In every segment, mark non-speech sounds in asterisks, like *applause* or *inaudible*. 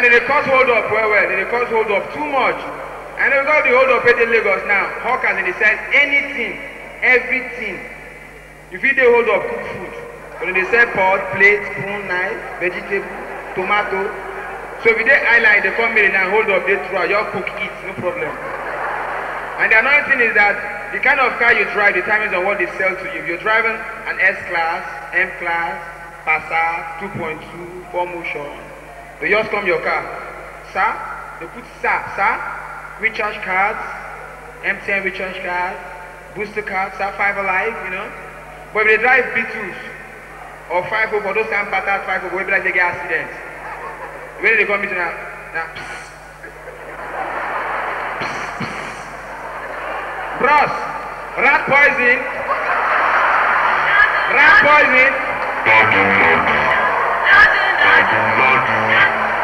And they cause hold up well, well. They cause hold up too much. And we got the hold up in Lagos now. Hawkers, and they sell anything, everything. If you they hold up cook food, but they sell pot, plate, spoon, knife, vegetable, tomato. So if they highlight, the come in and hold up, they throw, your cook eat, no problem. And the another thing is that the kind of car you drive determines on what they sell to you. If you're driving an S class, M class, Passat, 2.2, 4 motion, They just come your car. Sir, they put sir, sir, recharge cards, MTN recharge cards, booster cards, sir, five alive, you know. But if they drive B2s or five over, those time patterns five over, maybe like they get accidents. When they come into now, now, psst. Bros, rat poison, rat poison.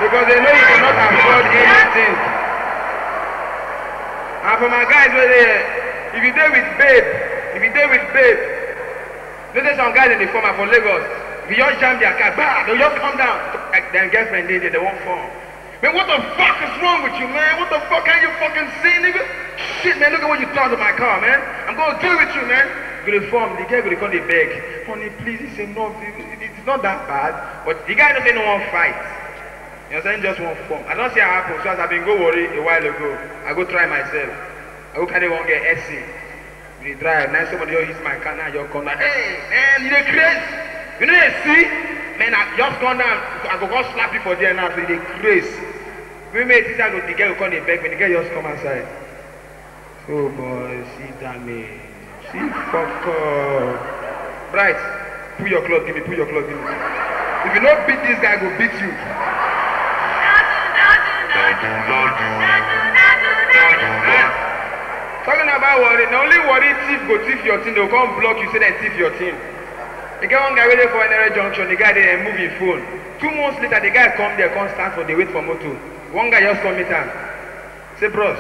because they know you cannot afford anything. And for my guys were there, if you deal with babe, if you deal with babe, there's some guys in the former for Lagos, if you just jam their car, bah, they'll just come down. Like their girlfriend did, they, they won't fall. Man, what the fuck is wrong with you, man? What the fuck are you fucking seeing, nigga? Shit, man, look at what you done to my car, man. I'm gonna deal with you, man. Go to form, the guy go to come, they beg. Honey, please, it's enough. It's not that bad. But the guy doesn't know to fight. You understand? Just one form. I don't see how happen. So as I've been go worry a while ago, I go try myself. I go carry one get Etsy. We drive. Now somebody just hit my car. Now just come like, hey man, you're crazy. You know they see? Man, I just gone down. I go go slap you for there now. So you dey We made this. I go the girl go come dey beg me. The girl just come outside. Oh boy, see that damage. See fuck up. Bright, pull your clothes. Give me. Pull your clothes. Give me. If you no beat this guy, I go beat you. Talking about worry, the only worry thief go thief your thing, they'll come block you, say they thief your thing. E get one guy waiting dey for NRA junction, the guy there move him phone. Two months later, the guy come there, come stand for dey wait for moto. One guy just come meet am. Say, bros,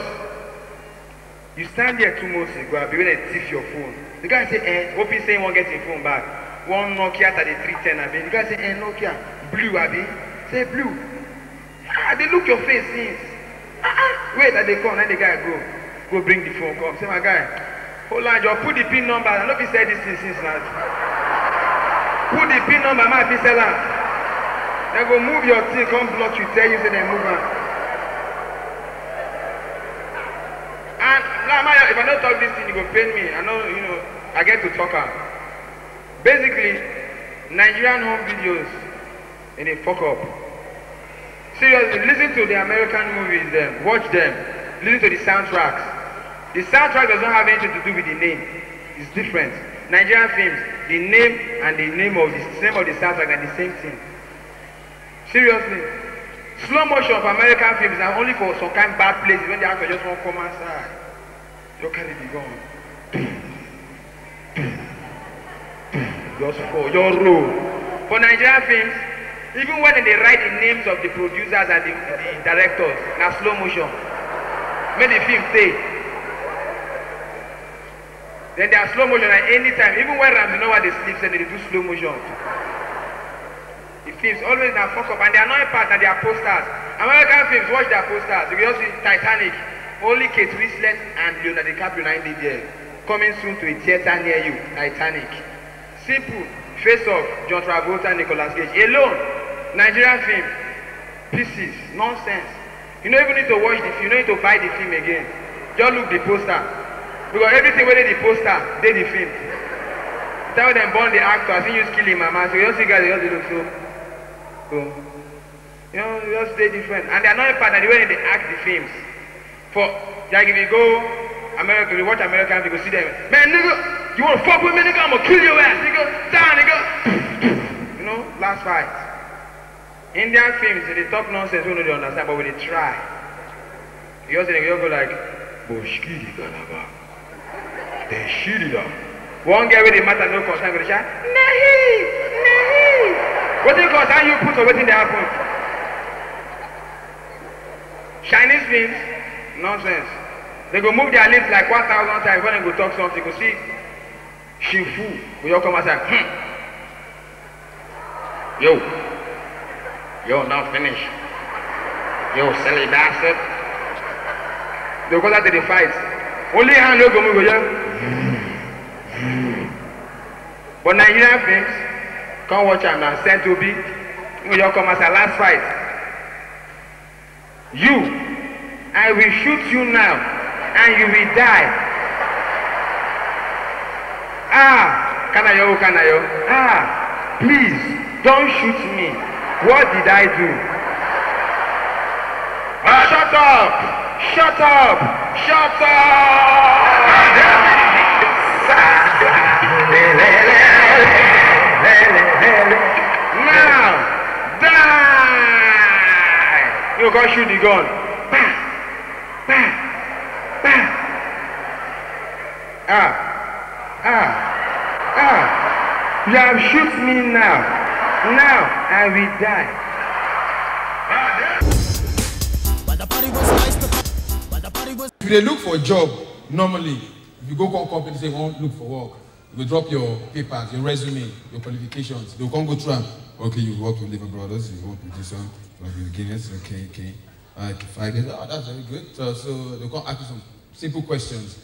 you stand there two months ago, Be wey to thief your phone. The guy say, eh, hoping say he wan get him phone back. One Nokia the 3310 abi. The guy say, eh, Nokia, blue I abi. Say, blue, ah they look your face since ah ah wait i dey come na the guy go go bring the phone come say my guy hold on just put the pin number i no fit said this thing since last put the pin number My be sell am They go move your thing come block you tell you say they move on. and lamaya my if i no talk this thing you go pain me i know. you know i get to talk am basically nigerian home videos e dey fok up. Seriously, listen to the American movies, them. Um, watch them, listen to the soundtracks. The soundtrack doesn't have anything to do with the name, it's different. Nigerian films, the name and the name of the name of the soundtrack are the same thing. Seriously. Slow motion of American films are only for some kind of bad places when the actor just won't come outside. Your carry be gone. Just for your role. For Nigerian films, even when they write the names of the producers and the, the directors na slow motion make the film stay then their slow motion at any time even when raminowa dey sleep say they dey do slow motion the films always na fok up and the annoying part na their posters american films watch their posters you go just see titanic only kate winslet and leonardo dicaprio na dey there coming soon to a theatre near you titanic simple face off john travolta nicolas cage alone Nigerian film, pieces, nonsense. You don't even need to watch the film, you don't need to buy the film again. Just look the poster. Because everything where they the poster, they the film. Tell them born the actor, I think you kill him, mama. So you see guys, you just look so. So, you know, you just stay different. And they annoying part of the way they act the films. For, like if you go America, you watch American film, people see them. Man, nigga, you wanna fuck with me, nigga? I'm gonna kill your ass, nigga. Die, nigga. you know, last fight. Indian films they talk nonsense wey no dey understand but we dey try you just dey go like boshkiri galaba dey shirida one girl with the matter no concern go dey shout nahi nahi wetin concern you put for wetin dey happen chinese films nonsense they go move their lips like one thousand times when they go talk something you go see shifu We all come outside hmm. yo. Yo, now finish. Yo, silly bastard. They go out to the fight. Only hand you go move here. But Nigerian films, come watch am now. Sent Obi, you come as a last fight. You, I will shoot you now, and you will die. Ah, can Can I I Kanayo, ah, please, don't shoot me. What did I do? Uh, shut up! Shut up! Shut up! now, die! You go shoot the gun. Bam! Bam! Bam! Ah! Ah! Ah! You have shoot me now. now and we die. If they look for a job, normally, if you go call company say, won't look for work, you drop your papers, your resume, your qualifications. They'll come go through them. Okay, you work with Liver Brothers, you work with this one, you work with Guinness, okay, okay. Uh, five years, oh, that's very good. So, so they'll come ask you some simple questions.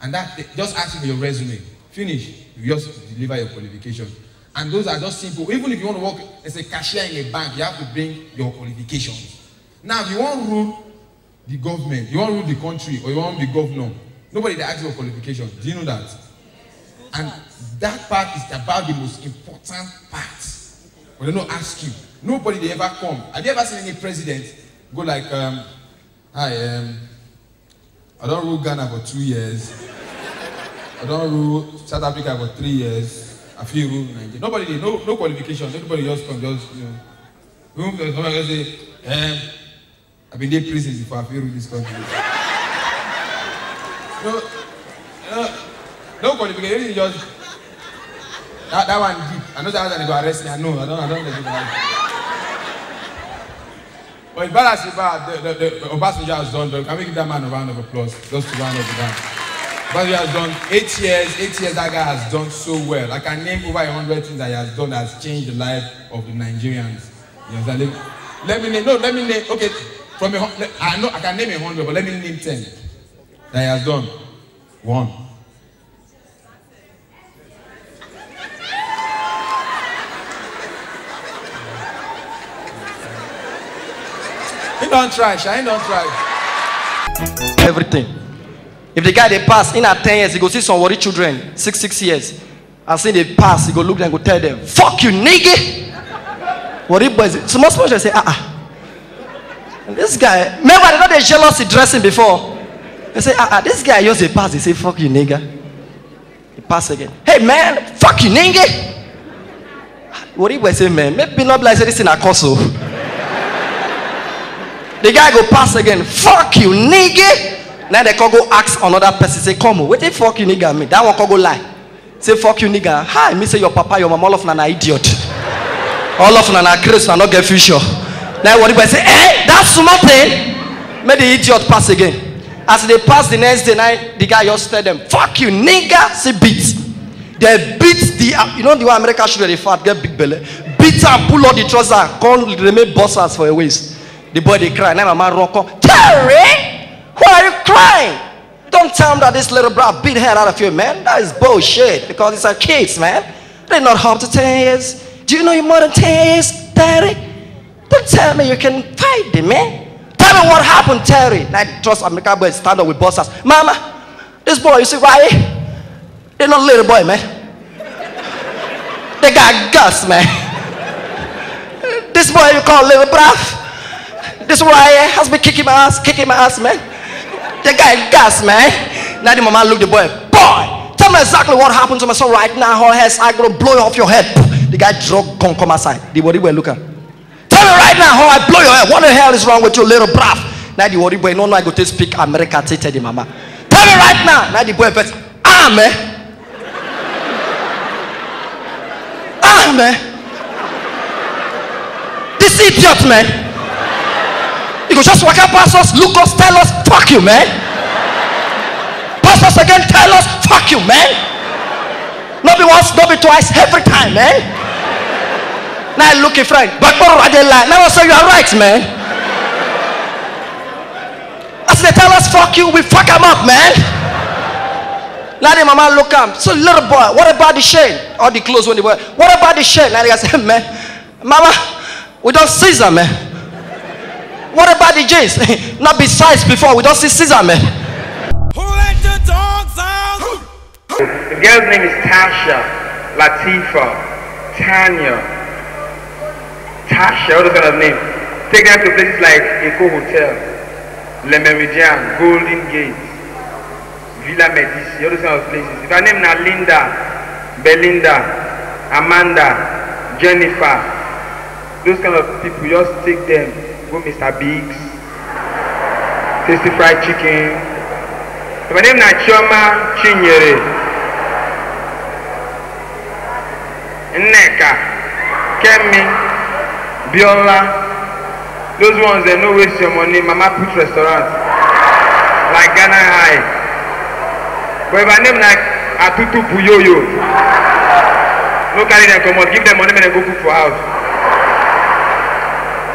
And that, just ask you your resume. Finish, you just deliver your qualification. and those are just simple even if you want to work as a cashier in a bank you have to bring your qualifications now if you wan rule the government you wan rule the country or you wan be governor nobody dey ask you for qualifications. do you know that and that part is about the most important part but they no ask you nobody dey ever come have you ever seen any president go like um, hi um, i don rule ghana for two years i don rule south africa for three years few room in Nigeria. Nobody, no, no qualifications. Everybody just come, just you know. Room, somebody just say, um, I've been there prison for before. I feel this country. no, no, no qualifications. Just that, that one deep. I know that one going to arrest me. I know. I don't. I don't let you But as bad as bad, the, the, the Obasanjo has done, can we give that man a round of applause. Just a round of applause he has done eight years. Eight years that guy has done so well. I can name over a hundred things that he has done that has changed the life of the Nigerians. You understand? Let me, let me name. No, let me name. Okay, from a I know I can name a hundred, but let me name ten that he has done. One. He don't try. Shine don't try. Everything if the guy dey pass in at ten years he go see some worry children six six years as him dey pass he go look dem go tell them, fok you nigga worry boys small small children say ah ah this guy remember they don dey jealous he dressing before they say ah ah this guy just dey pass he say fok you nigga he pass again hey man fok you nigga worry boys say man maybe me no be like say this thing na curse o oh. the guy go pass again fok you nigga. Now they can go ask another person, say, come, wait, fuck you nigga me. That one can go lie. Say, fuck you nigga. Hi, me say your papa, your mama, all of na idiot. all of na Chris, I not get future. Now what if I say, hey, eh, that's small thing. May the idiot pass again. As they pass the next day, night, the guy just tell them, fuck you nigga, say beat. They beat the, you know the one American should be fat, get big belly. Beat and pull all the trouser, call remain busters for a waist. The boy dey cry, now my man run, come, Terry! Why are you crying? Don't tell them that this little brat beat head out of you, man. That is bullshit because it's our kids, man. They're not home to 10 years. Do you know you're more than 10 years, Terry? Don't tell me you can fight them, man. Tell me what happened, Terry. I trust America boys stand up with bosses. Mama, this boy, you see right here? They're not little boy, man. They got guts, man. This boy you call little brat. This right has been kicking my ass, kicking my ass, man. The guy gasped, man. Now the mama look the boy, boy, tell me exactly what happened to my son right now. How has I gonna blow off your head. The guy drug come come aside. The body were looking. Tell me right now how I blow your head. What the hell is wrong with your little bruv? Now the body boy, no, no, I go to speak America. Tell the mama. Tell me right now. Now the boy first, ah man. Ah man. This idiot man. You could just walk up past us, look us, tell us, fuck you, man. Pass us again, tell us, fuck you, man. Not be once, not be twice, every time, man. Now I look at friend, but what are they like? Now I say you are right, man. As they tell us, fuck you, we fuck them up, man. Now the mama look up. So little boy, what about the shame? All the clothes when they wear, What about the shame? Now they say, man, mama, we don't see them, man. What about the Jays? *laughs* Not besides before, we don't see Caesar, man. Who let the dogs out? The girl's name is Tasha, Latifa, Tanya, Tasha, What those kind of name? Take them to places like Eco Hotel, Le Meridian, Golden Gate, Villa Medici, all those kind of places. If I name now Linda, Belinda, Amanda, Jennifer, those kind of people, just take them go Mr. Biggs, Tasty Fried Chicken. My name na Chioma Chinyere. Nneka, Kemi, Biola. Those ones they no waste your money. Mama put restaurant like Ghana High. But my name na Atutu Puyoyo. No carry them come out. Give them money make go cook for house.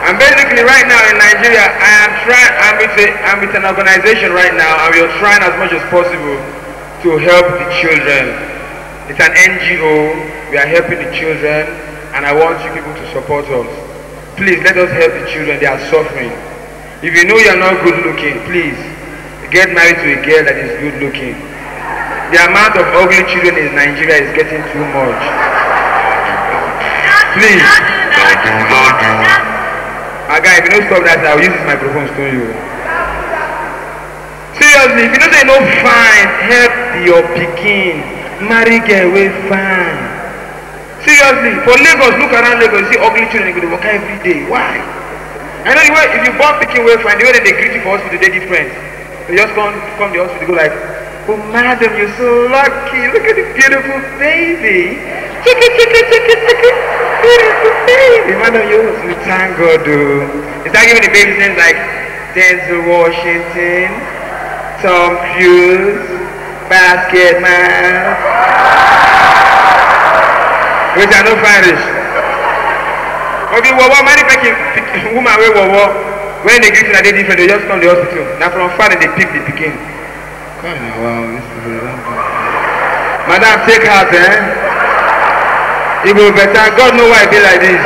I'm basically right now in Nigeria, I am trying, I'm with, a, I'm with an organization right now and we are trying as much as possible to help the children. It's an NGO, we are helping the children and I want you people to support us. Please let us help the children, they are suffering. If you know you're not good looking, please get married to a girl that is good looking. The amount of ugly children in Nigeria is getting too much. Please. My guy, if you don't stop that, I'll use this microphone to you. Seriously, if you don't say no fine, help your picking. Marry get away fine. Seriously, for Lagos, look around Lagos, you see ugly children they go to work every day. Why? And anyway, if you born picking way fine, the way that they greet you for hospital, they different. They just come come to the hospital, go like, Oh madam, you're so lucky. Look at this beautiful baby. If one of you to thank God, Is that giving the baby names like Denzel Washington, Tom Cruise, Basket Man, which are no Irish. Obi wọwọ many pikin pikin woman wey wọwọ when the greeting na dey different they just come to the hospital na from far they dey pick the pikin. God na wow, this is a long Madam take her eh e go better god know why I be like this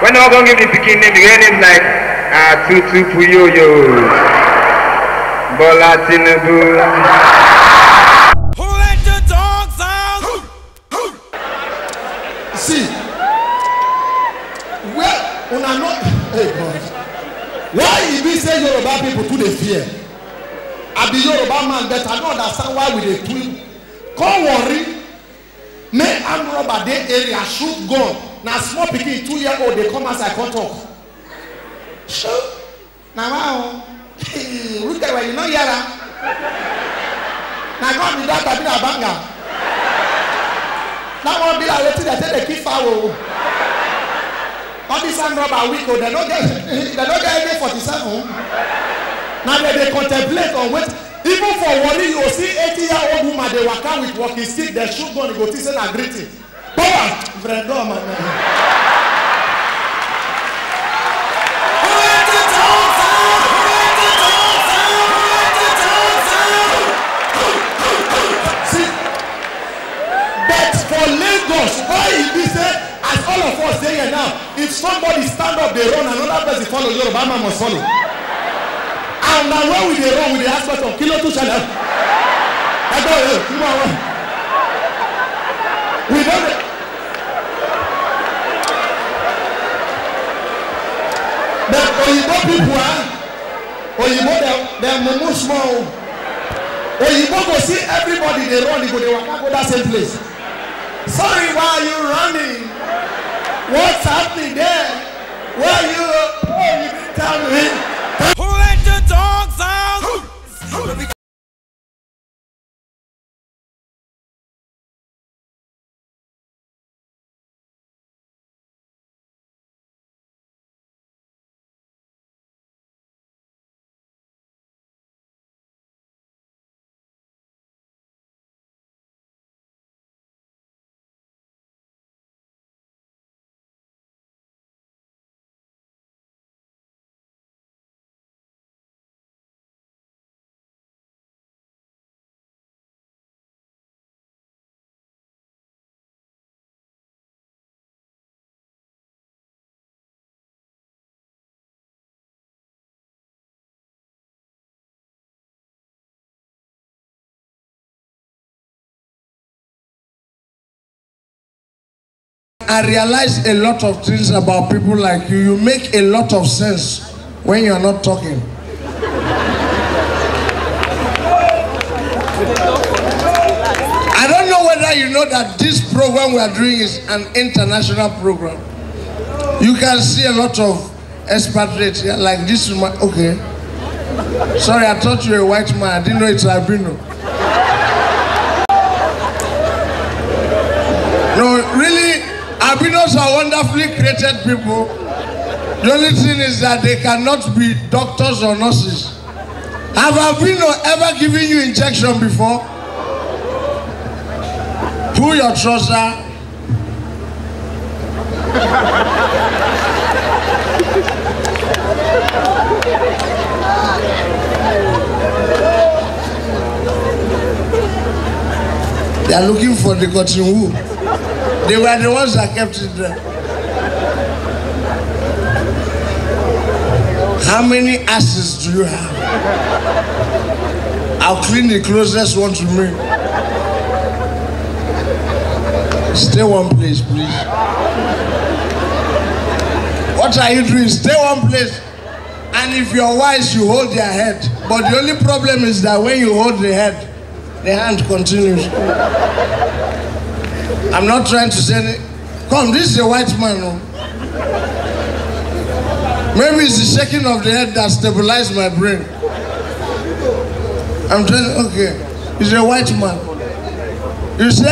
when dem wan give the pikin name the real name like ah, Tutu atutu puyoyo bola tinubu. See, where una no hey God, why if be say Yoruba people to the fear? I be Yoruba man better no understand why we dey twin. come worry may armed robber dey area shoot gun na small pikin two year old dey come outside come talk sure na wow *laughs* look at you no hear am na god be that abi na banga that one be like wetin dem take dey kill fowl all these armed robber weak o dem no get *laughs* dem no get any forty-seven na dem dey contemplate on wetin even for warri you go see eighty year old woman dey waka with walking stick dey shoot gun you go think say na greeting power vredom and all. Lagos why e be as all of us dey now if somebody stand up dey run another person follow Yoruba man must follow and na when we dey run with the aspect of kilo two tún ṣẹlẹ̀ ẹgbẹ́ rẹ̀ kí wọ́n wọ́n we don dey. the oyinbo people ah oyinbo dem dem mumu small o oyinbo go see everybody dey run e go dey waka go that same place sorry why are you running what's happening there where you oh you dey tell me. Who let the dogs out? I realize a lot of things about people like you. You make a lot of sense when you're not talking. I don't know whether you know that this program we are doing is an international program. You can see a lot of expatriates yeah, like this. Okay. Sorry, I thought you were a white man. I didn't know it's albino. Albinos are wonderfully created people. The only thing is that they cannot be doctors or nurses. Have albino ever given you injection before? Pull your trouser. they are looking for the cotton wool. They were the ones that kept it there. How many asses do you have? I'll clean the closest one to me. Stay one place, please. What are you doing? Stay one place. And if you're wise, you hold their head. But the only problem is that when you hold the head, the hand continues. I'm not trying to say, any... come, this is a white man. No? Maybe it's the shaking of the head that stabilized my brain. I'm telling okay, he's a white man. You see,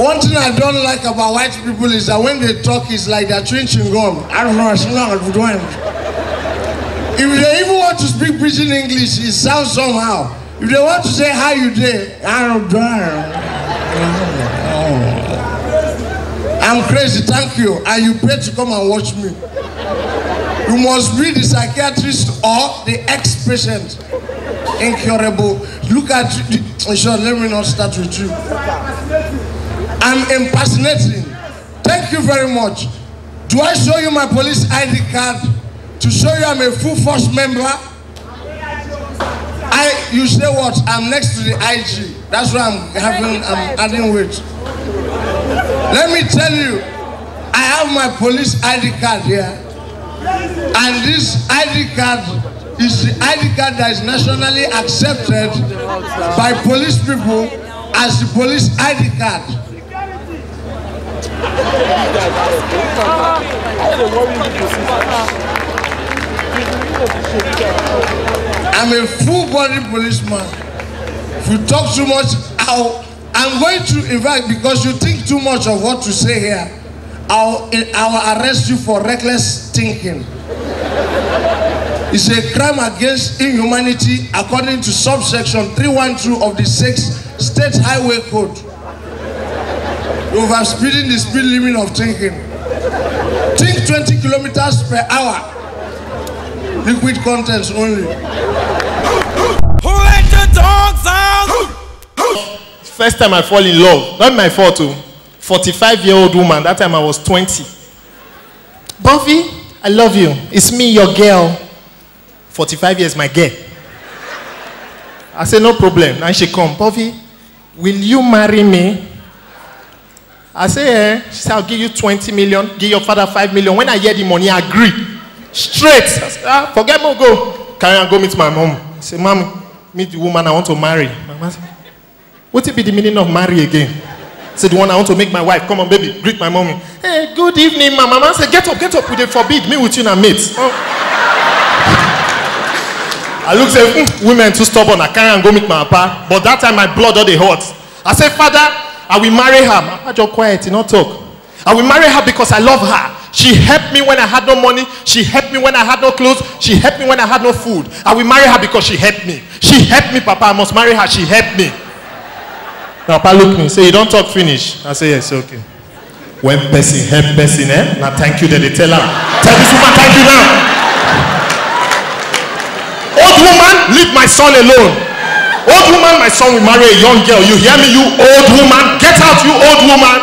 One thing I don't like about white people is that when they talk, it's like they're chewing gum. I don't know, it's not If they even want to speak pidgin English, it sounds somehow. If they want to say how you did, I don't die. Oh. I'm crazy, thank you. And you pray to come and watch me. You must be the psychiatrist or the ex-patient. Incurable. Look at you. Sure, let me not start with you. I'm impersonating. Thank you very much. Do I show you my police ID card to show you I'm a full force member? I you say what? I'm next to the IG. That's why I'm having I'm adding weight. Let me tell you, I have my police ID card here. And this ID card is the ID card that is nationally accepted by police people as the police ID card. I'm a full body policeman. If you talk too much, I'll, I'm going to invite because you think too much of what to say here. I'll, I'll arrest you for reckless thinking. It's a crime against inhumanity according to subsection 312 of the 6 State Highway Code. speeding the speed limit of thinking. Think 20 kilometers per hour liquid contents only. Who let the dogs out? First time I fall in love, not my fault too. 45 year old woman, that time I was 20. Buffy, I love you. It's me, your girl. 45 years, my girl. I say no problem. And she come, Buffy, will you marry me? I say, eh. She said, I'll give you 20 million, give your father 5 million. When I hear the money, I agree. Straight. Said, ah, forget me, go. Carry and go meet my mom. I said, "Mom, meet the woman I want to marry. said, What it be the meaning of marry again? I said, The one I want to make my wife. Come on, baby, greet my mommy. Hey, good evening, ma. Mama said, Get up, get up. Would they forbid me with you and mates? Oh. I look say, mm, women too stubborn. I carry and go meet my papa. But that time my blood all the hot. I say, Father, I will marry her. My papa just quiet, he not talk. I will marry her because I love her. She helped me when I had no money. She helped me when I had no clothes. She helped me when I had no food. I will marry her because she helped me. She helped me, Papa. I must marry her. She helped me. Now, Papa look me. Say, you don't talk finish. I say, yes, okay. When person help person, eh? Now thank you that they tell her. Tell this woman thank you now. Old woman, leave my son alone. Old woman, my son will marry a young girl. You hear me, you old woman? Get out, you old woman.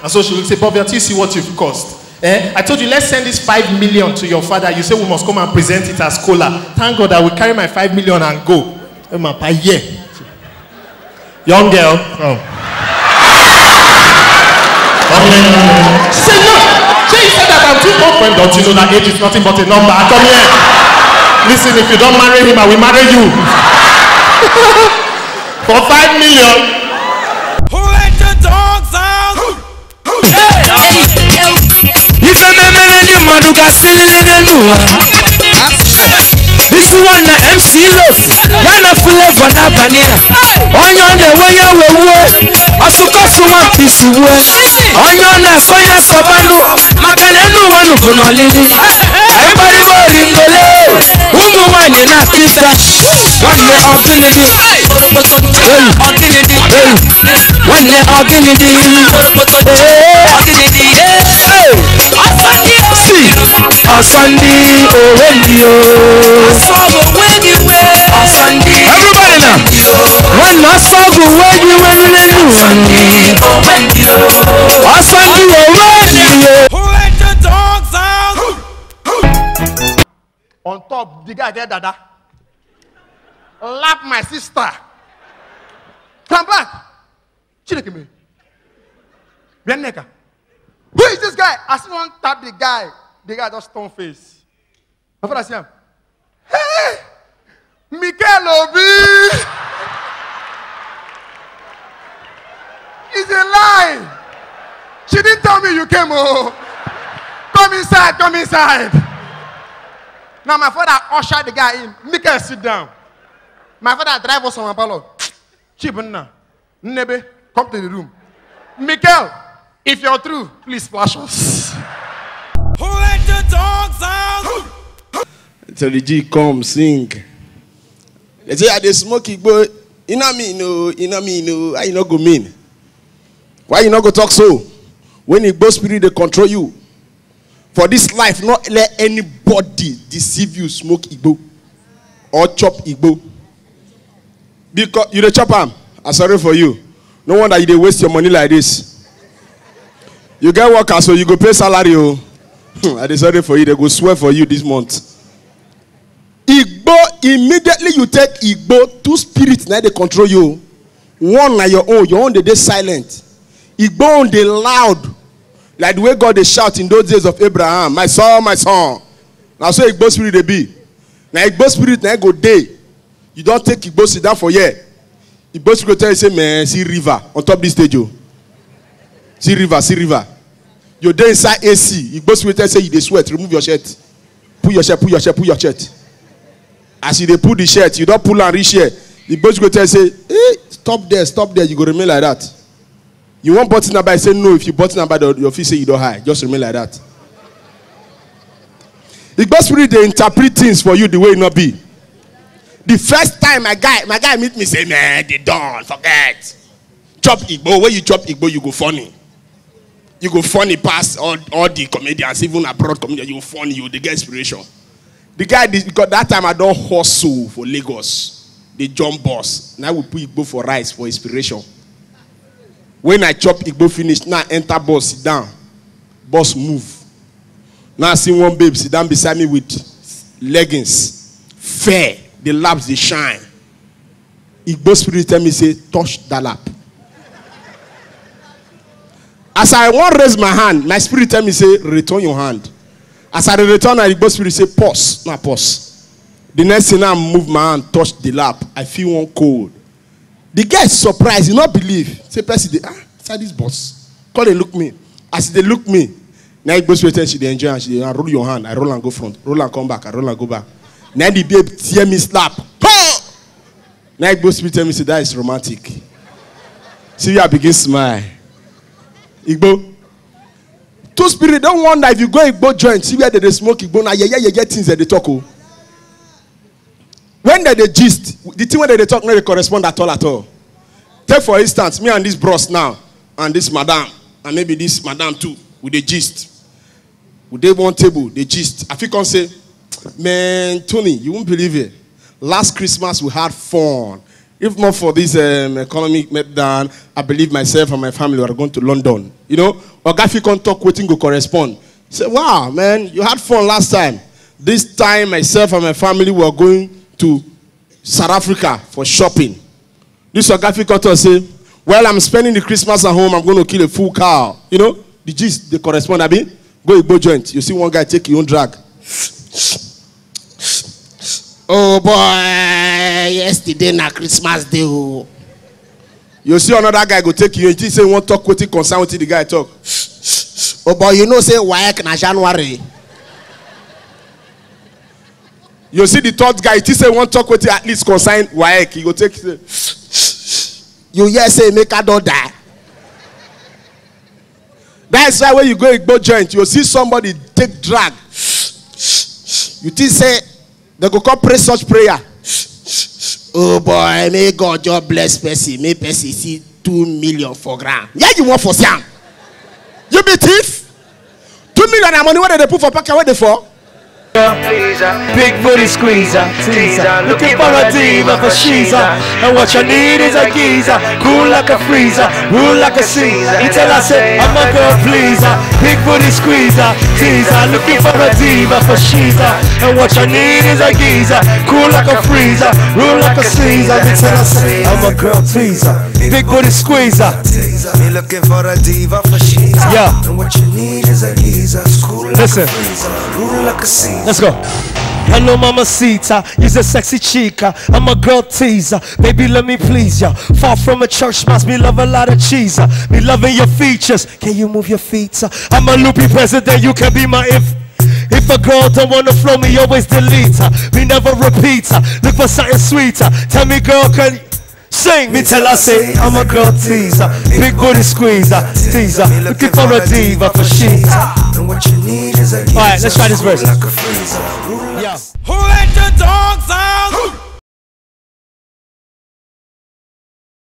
And so she will say, Bobby, until you see what you've caused. Eh? I told you, let's send this five million to your father. You say we must come and present it as cola. Thank God I will carry my five million and go. Eh, my Yeah. Young girl. Oh. She said, no. She said that I'm too old Don't you know that age is nothing but a number? Come here. Listen, if you don't marry him, I will marry you. *laughs* for five million. you can see lelenu this one na mc lofu ya full of n'abalị a onye ọ na-enwe ya wewuo asuka suma piece wuo onye ọ na-akọ ya kọbanụ maka na enu ụwa nụbụ n'ọlịlị anyị gbarịba orindole na nwanyị When the nwanne ọgịnịdị elu ọgịnịdị elu nwanne ọgịnịdị ee When Asabu when you when you when you when you Asabu when you Who let your dogs out? On top, the guy there, Dada. Lap my sister. Come back. Chineke me. Bianca. Who is this guy? I see one tap the guy. The guy just stone face. Papa Siam. Hey! Michael Obi! is a lie! She didn't tell me you came home. Oh. Come inside, come inside. Now my father ushered the guy in. Michael, sit down. My father drive us on ballot. na Nebe, come to the room. Michael, if you're true, please flash us. Who let the dogs out? Terry G, come sing. They say, I they smoke Igbo. You know me, no. You know me, no. How you not go mean? Why you not go talk so? When Igbo spirit, they control you. For this life, not let anybody deceive you, smoke Igbo or chop Igbo. Because you the chop arm. I'm sorry for you. No wonder you they waste your money like this. You get worker, so you go pay salary. Oh. *laughs* I'm sorry for you. They go swear for you this month igbo immediately you take igbo two spirits na dey control you one na your own your own dey dey silent igbo own dey loud like the way god dey shout in those days of abraham my son my son na so igbo spirit dey be na igbo spirit na e go dey you don take igbo sit down for here igbo spirit go tell you say meh see river on top this stage o oh. see river see river you dey inside ac igbo spirit tell you say you dey sweat remove your shirt pull your shirt pull your shirt pull your shirt as you dey pull the shirt you don pull am reach here the boss go tell you say eh stop there stop there you go remain like that you wan button am by say no if you button am by the your feel say you don high just remain like that the god spirit dey interpret things for you the way e no be the first time my guy my guy meet me say man dey don forget chop igbo when you chop igbo you go funny you go funny pass all all the comedians even abroad comedians you go funny you dey get inspiration The guy, because that time I don't hustle for Lagos. They jump bus. Now we put Igbo for rice for inspiration. When I chop Igbo finish, now enter bus, sit down. Bus move. Now I see one babe sit down beside me with leggings. Fair. The laps, they shine. Igbo spirit tell me, say, touch that lap. As I won't raise my hand, my spirit tell me, say, return your hand as i dey return na the igbo spirit say pause na pause the next thing i move my hand touch the lap i feel one cold the guy surprise he no believe say person dey ah inside this bus come dey look me as he dey look me na igbo spirit tell she dey enjoy am she dey roll your hand i roll am go front roll am come back i roll am go back na the babe tear me slap na igbo spirit tell me say that is romantic see i begin smile igbo two spirit don wonder if you go igbo joint see where dem dey smoke igbo na yeye yeye things dem dey talk o oh. when dem dey gist the thing wey dem dey talk no dey correspond at all at all take for instance me and this bros now and this madam and maybe this madam too we dey gist we dey one table dey gist i fit come say man tony you won't believe it last christmas we had fun If not for this um, economic meltdown, I believe myself and my family were going to London. You know, Ogafikon talk waiting to correspond. Say, wow, man, you had fun last time. This time, myself and my family were going to South Africa for shopping. This Ogafikon talk say, well, I'm spending the Christmas at home. I'm going to kill a full cow. You know, the gist, they correspond. I mean, go Igbo joint. You see one guy take your own drag oh boy yesterday na christmas day o. Oh. you see another guy go take you you think say you wan talk wetin concern wetin the guy talk. oh boy you know say waec na january. you see the third guy you think say you wan talk wetin at least concern waec he go take say. you hear say emeka don die. that's why when you go igbo joint you see somebody take drag you think say They go come pray such prayer. Oh boy, may God just bless Percy. May Percy see two million for grand. Yeah, you want for Sam. You be thief. Two million na money where they put for pocket, where they for? pleaser, big booty squeezer, teaser. Looking for a diva, for she's And what you need is a geezer, cool like a freezer, rule like a Caesar. Until I say I'm a girl pleaser, big booty squeezer, teaser. Looking for a diva, for she's And what you need is a geezer, cool like a freezer, rule like a Caesar. Until I say I'm a girl teaser. Big booty squeezer. squeeze Me looking for a diva for she's Yeah. And what you need is a geezer. School like Listen. like a Let's go. Hello, Mama Sita. You's a sexy chica. I'm a girl teaser. Baby, let me please ya. Far from a church mouse, me love a lot of cheese. Me loving your features. Can you move your feet? I'm a loopy president. You can be my if. If a girl don't wanna flow, me always delete her. Me never repeat her. Look for something sweeter. Tell me, girl, can Sing. Me tell her say I'm a girl teaser, big booty squeezer, teaser. Looking for a diva for she. All right, let's try this verse. Yeah. Who let the dogs out?